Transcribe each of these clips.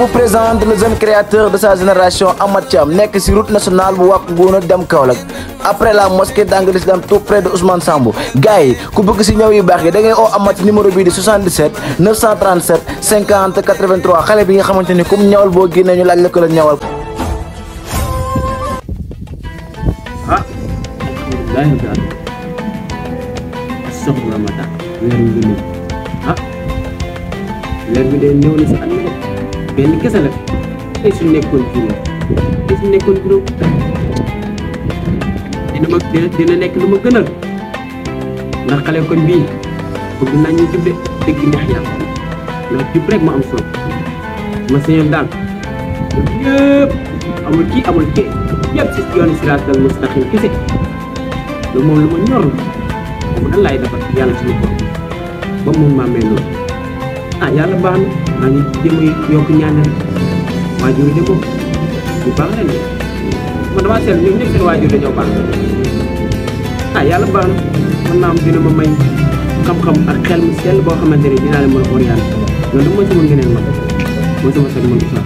Pour présente le jeune créateur de sa génération Ahmad Cham nek ci route nationale bu wak ngono dem Kaolack après la mosquée d'Angle Islam tout près de Ousmane Sambou gay ku bëgg ci ñëw yu bax yi da ngay o Ahmad ci numéro bi di 77 937 50 83 xalé bi nga xamanteni kum ñawal bo gi nañu laaj la ko la ñawal. ah. daa ñu daal soxla ma tax weer wi ah weer bi day ñëw na ben kese la tey su nekkoon juróom tey su nekkoon juróom dina ma dina nekk luma gënal na xalé kon bi bëgg dina ñu jubbe degg dëgg ndax yàlla ndax jub rek ma am so ma seen dal yëpp amul ki amul ke yëpp ci yoonu siratal mustaqim kese lu mo lu mo ñor la moom nan laay defar yàlla ba moom ma mel a ah, yàlla baax na maa ngi jéem a yokk ñaan rek waajur yi de moom bu baax la nii man damaa seetlu ñoom ñëpp seen waajur dañoo baax ah yàlla baax na mën naa am dina ma may xam-xam ak xel mu sell boo xamante ne dinaa leen mën a orienté loolu mooy sama ngeneen ma mooy sama seen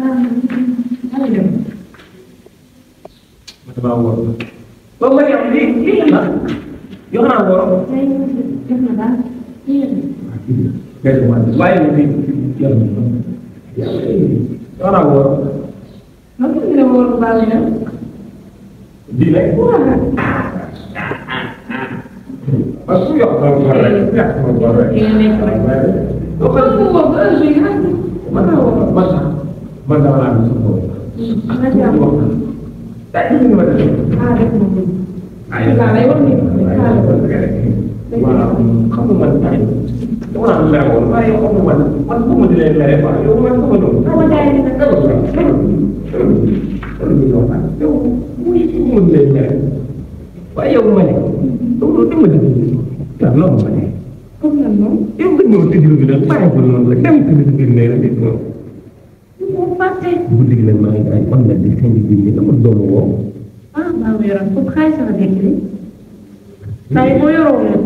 man damaa wóor. boo ma yow lii lii la yow naa wóor. waaye mu ngi yow yow naa wóor. man fi mu ne wóor bu baax mi nag. lii lay. parce que yow naa wóor rek yow naa wóor rek. boo xam ne moom heure bii man naa wóor man sax. man dama laa gis ko. na ci am ah dëgg la dëgg la. waaw xam nga man tamit dama laa mel woon waaye xam nga man man bu ma di leen mere quoi yow man sama doom. sama jaay dina ko def loolu loolu loolu yow muy mu di leen mere waaye yow ma ne loolu dama di waaw loolu ma ne. comme lan moom yow nga ñëw tëjlu bi nag bàyyi ko noonu la dem tëjlu bi ne la guddi gi nag maa ngi ay on la di xëy na julli dama doon woo. ah maa ngi yoroon foofu xaalis la nekk nii. saa yi boo yoroo leen.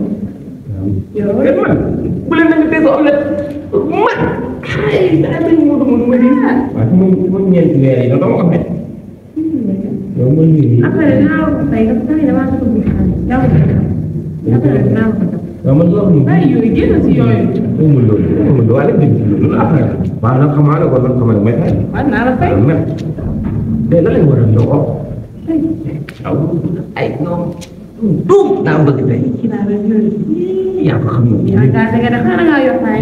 yoroo leen eh, man bu leen nañu dégg omelette man ay daa mel ni Modou Modou ma nii. waaw moom moom ñeenti weer yi dama ko xamee. loolu mooy lii. après dinaa wax ko tey dafa tamit damaa ko bëgg xaalis jaww ji après dinaa wax ko waaw man loolu moom. ay yooyu génn si yooyu. amul loolu amul waaye nag dégg nga loolu après ah, waaw lan xamaa la wala lan xamaa la may fay. waaw naa la fay ah, mais tey lan lañ war a ñëw ko. waaw ay ñoom tuum naa bëgg tey. yaa ko xam ne. yaa ngi dégg de xanaa ngaa yor fay.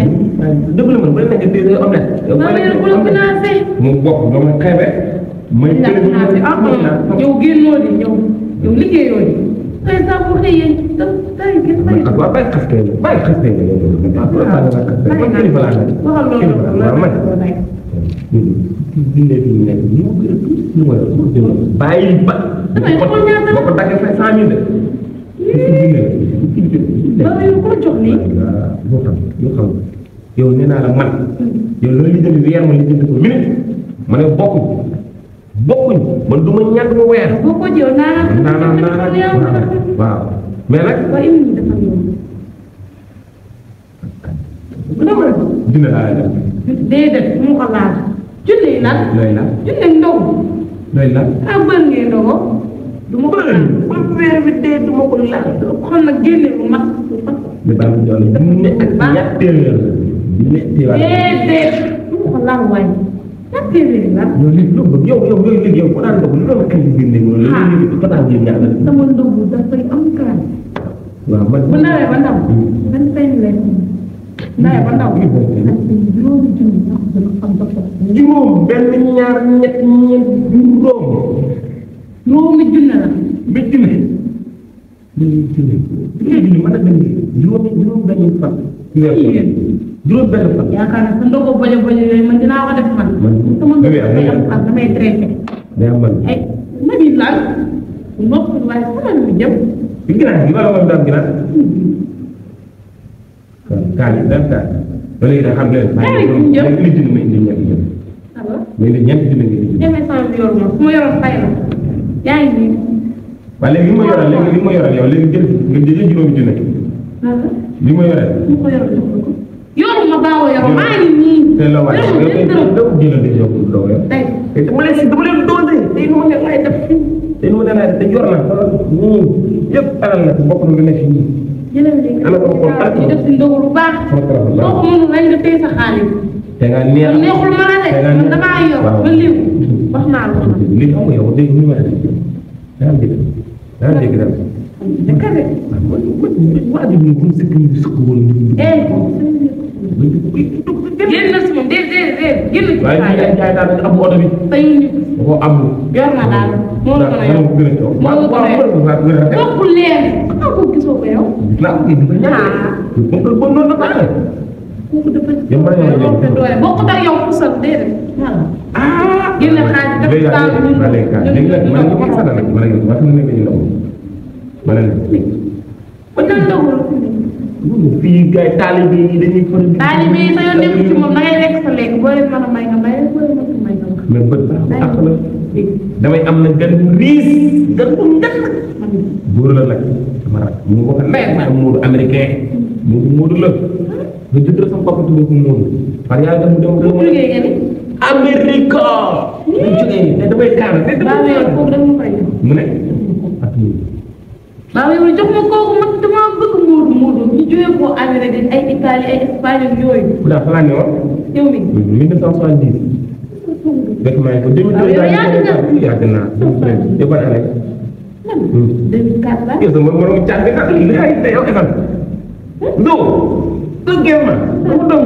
dëgg la man bu la nekkee déedéet am na. maa ngi leen ko la financé. mu bokk nga ma xeebe. Ah, ma yow génnoo di yow yow liggéeyoo di. قد وبين قفتين بين قفتين كيف العمل؟ كيف العمل؟ الذين يؤمنون ويؤمنون بايل با بوكو داغي 500000 de dama yu ko jox ni bo xam yu xam yow neena la man yow lo li dem wér mo li dem ko minute mané bokku bokku man duma ñand mo wér boko jëw na na na na waaw mais nag. waaye ñun dafa ñëw. dina laa def. déedéet mu ko laal. julli nag. lay la julli ndaw. lay la ah bër ngeen ndogoo. du ma ko laal ba weer bi dee du ma ko laal. xool nag génne bu mag. ne baax na jox la. ak baax ñetteel yoon. ñetteel yoon. déedéet mu ko laal waaye. séeréer la. yow li loolu yow yow yooyu léegi yow ku daan doog loolu kay biir léegi loolu. ah léegi dafa sama ndogu dafay am kaay. waaw man bu nawee ba ndaw. man sañ leen nawee ba ndaw. juróomi junni ndax dana am ba pare. juróom benn ñaar ñett ñeent juróom. juróomi junni la. ba junni. juróomi junni. juróomi junni mën na juróomi juróom dañuy fat. juróom benn fan. yaakaar naa sa ndogu bojo bojo yooyu man dinaa ko def man. man bu wér amul yàlla sama damay traité. day am man ay na bi laal. ndox mi waaye sama nu jëm. bi ginaar gi wala wala daal ginaar. Hmm. kaal yi daal kaal. loolu yëpp xam leen. maa ngi leen di jëm maa ngi leen di jëm maa ngi leen di jëm. alors maa ngi leen di ñeenti junne ngeen di jëm. demee sama bi yoruma fu ma yoroon fay la. yaa ngi nii. waaw léegi li ma yoral léegi li ma yoral yow léegi jël nga jëlee juróomi junne. li ma yoral. li ma yoral yoonu ma baawoo yow maa ngi nii. te loo waay yow kay dëkk bi la dëkk yow doo yow. tey dama leen si dama leen doole tey nu ma ne laay def fii tey nu ma ne laay def te yor na xoolal nii yëpp alal la bokk na lu ne fii. jëlal li nga def si ndogu lu baax. soo ko mënul lañ nga tey sa xaalis. da ngaa neex man neexul ma la de man damaa yor ba léegi wax naa la ko. li xam nga yow dégg ñu ma daan dégg daan dégg daal. dëkk de. waaw man man waa ji ñu sëkk ñu sëkk woon. Eh, génn na si moom déedéet déedéet génn ci waaye ñu jaay daal dañu am oto bi. da koo am. yor na daal moo la ko yor moo la ko yor topp leer ko gisoo ko yow. ah. moom noonu la ko amee. kooku dafa doole bokkut ak yow fu sal déedéet. ah. génn xaalis def saa ñu léegi nag man li ma wax la nag ma ne la wax dëgg yàlla ma ne la. fii gars yi taalibe yi dañuy faral di. taalibe yi sa yoon nekk ci moom da ngay sa lekk boo leen a may nga may am gan riis gan bu ngën. góor la nag mu ngi ko fa leer naa Moodu américain Moodu la nga jëndal sama papa tudd ko Moodu par yàlla dem dem dem. mu jógee ne damay mu ne. waaw yow jox ma kooku man damaa bëgg Moodu Moodu ñu jógee ko Amérique di ay Italie ay Espagne ak yooyu. bu daal xanaa ne woon. yow mi 1970. dëkk maa ngi ko 2002. yow yaa ngi ko yàgg naa yow ban année. 2004 la. yow sama morom càgg na li nga xayma yow école. Ndo. Ndo Guémma. dama doon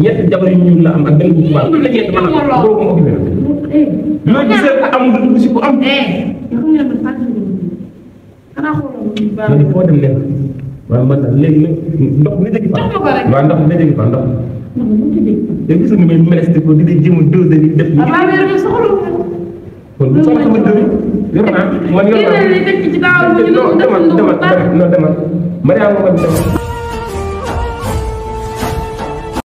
ñett jabar yu ñuul la am ak benn bu tubaab la ñett man ak boobu moo gën a loo gisee ko am du dugg si ko am man foo dem lekk waaw man léegi nag ndox ne dëgg fa waaw ndox ne dëgg fa ndox yow gis nga may meleste ko di jéem a dose di def kon bu sama sama dëri yor naa man yor naa demal demal demal demal Mariama man demal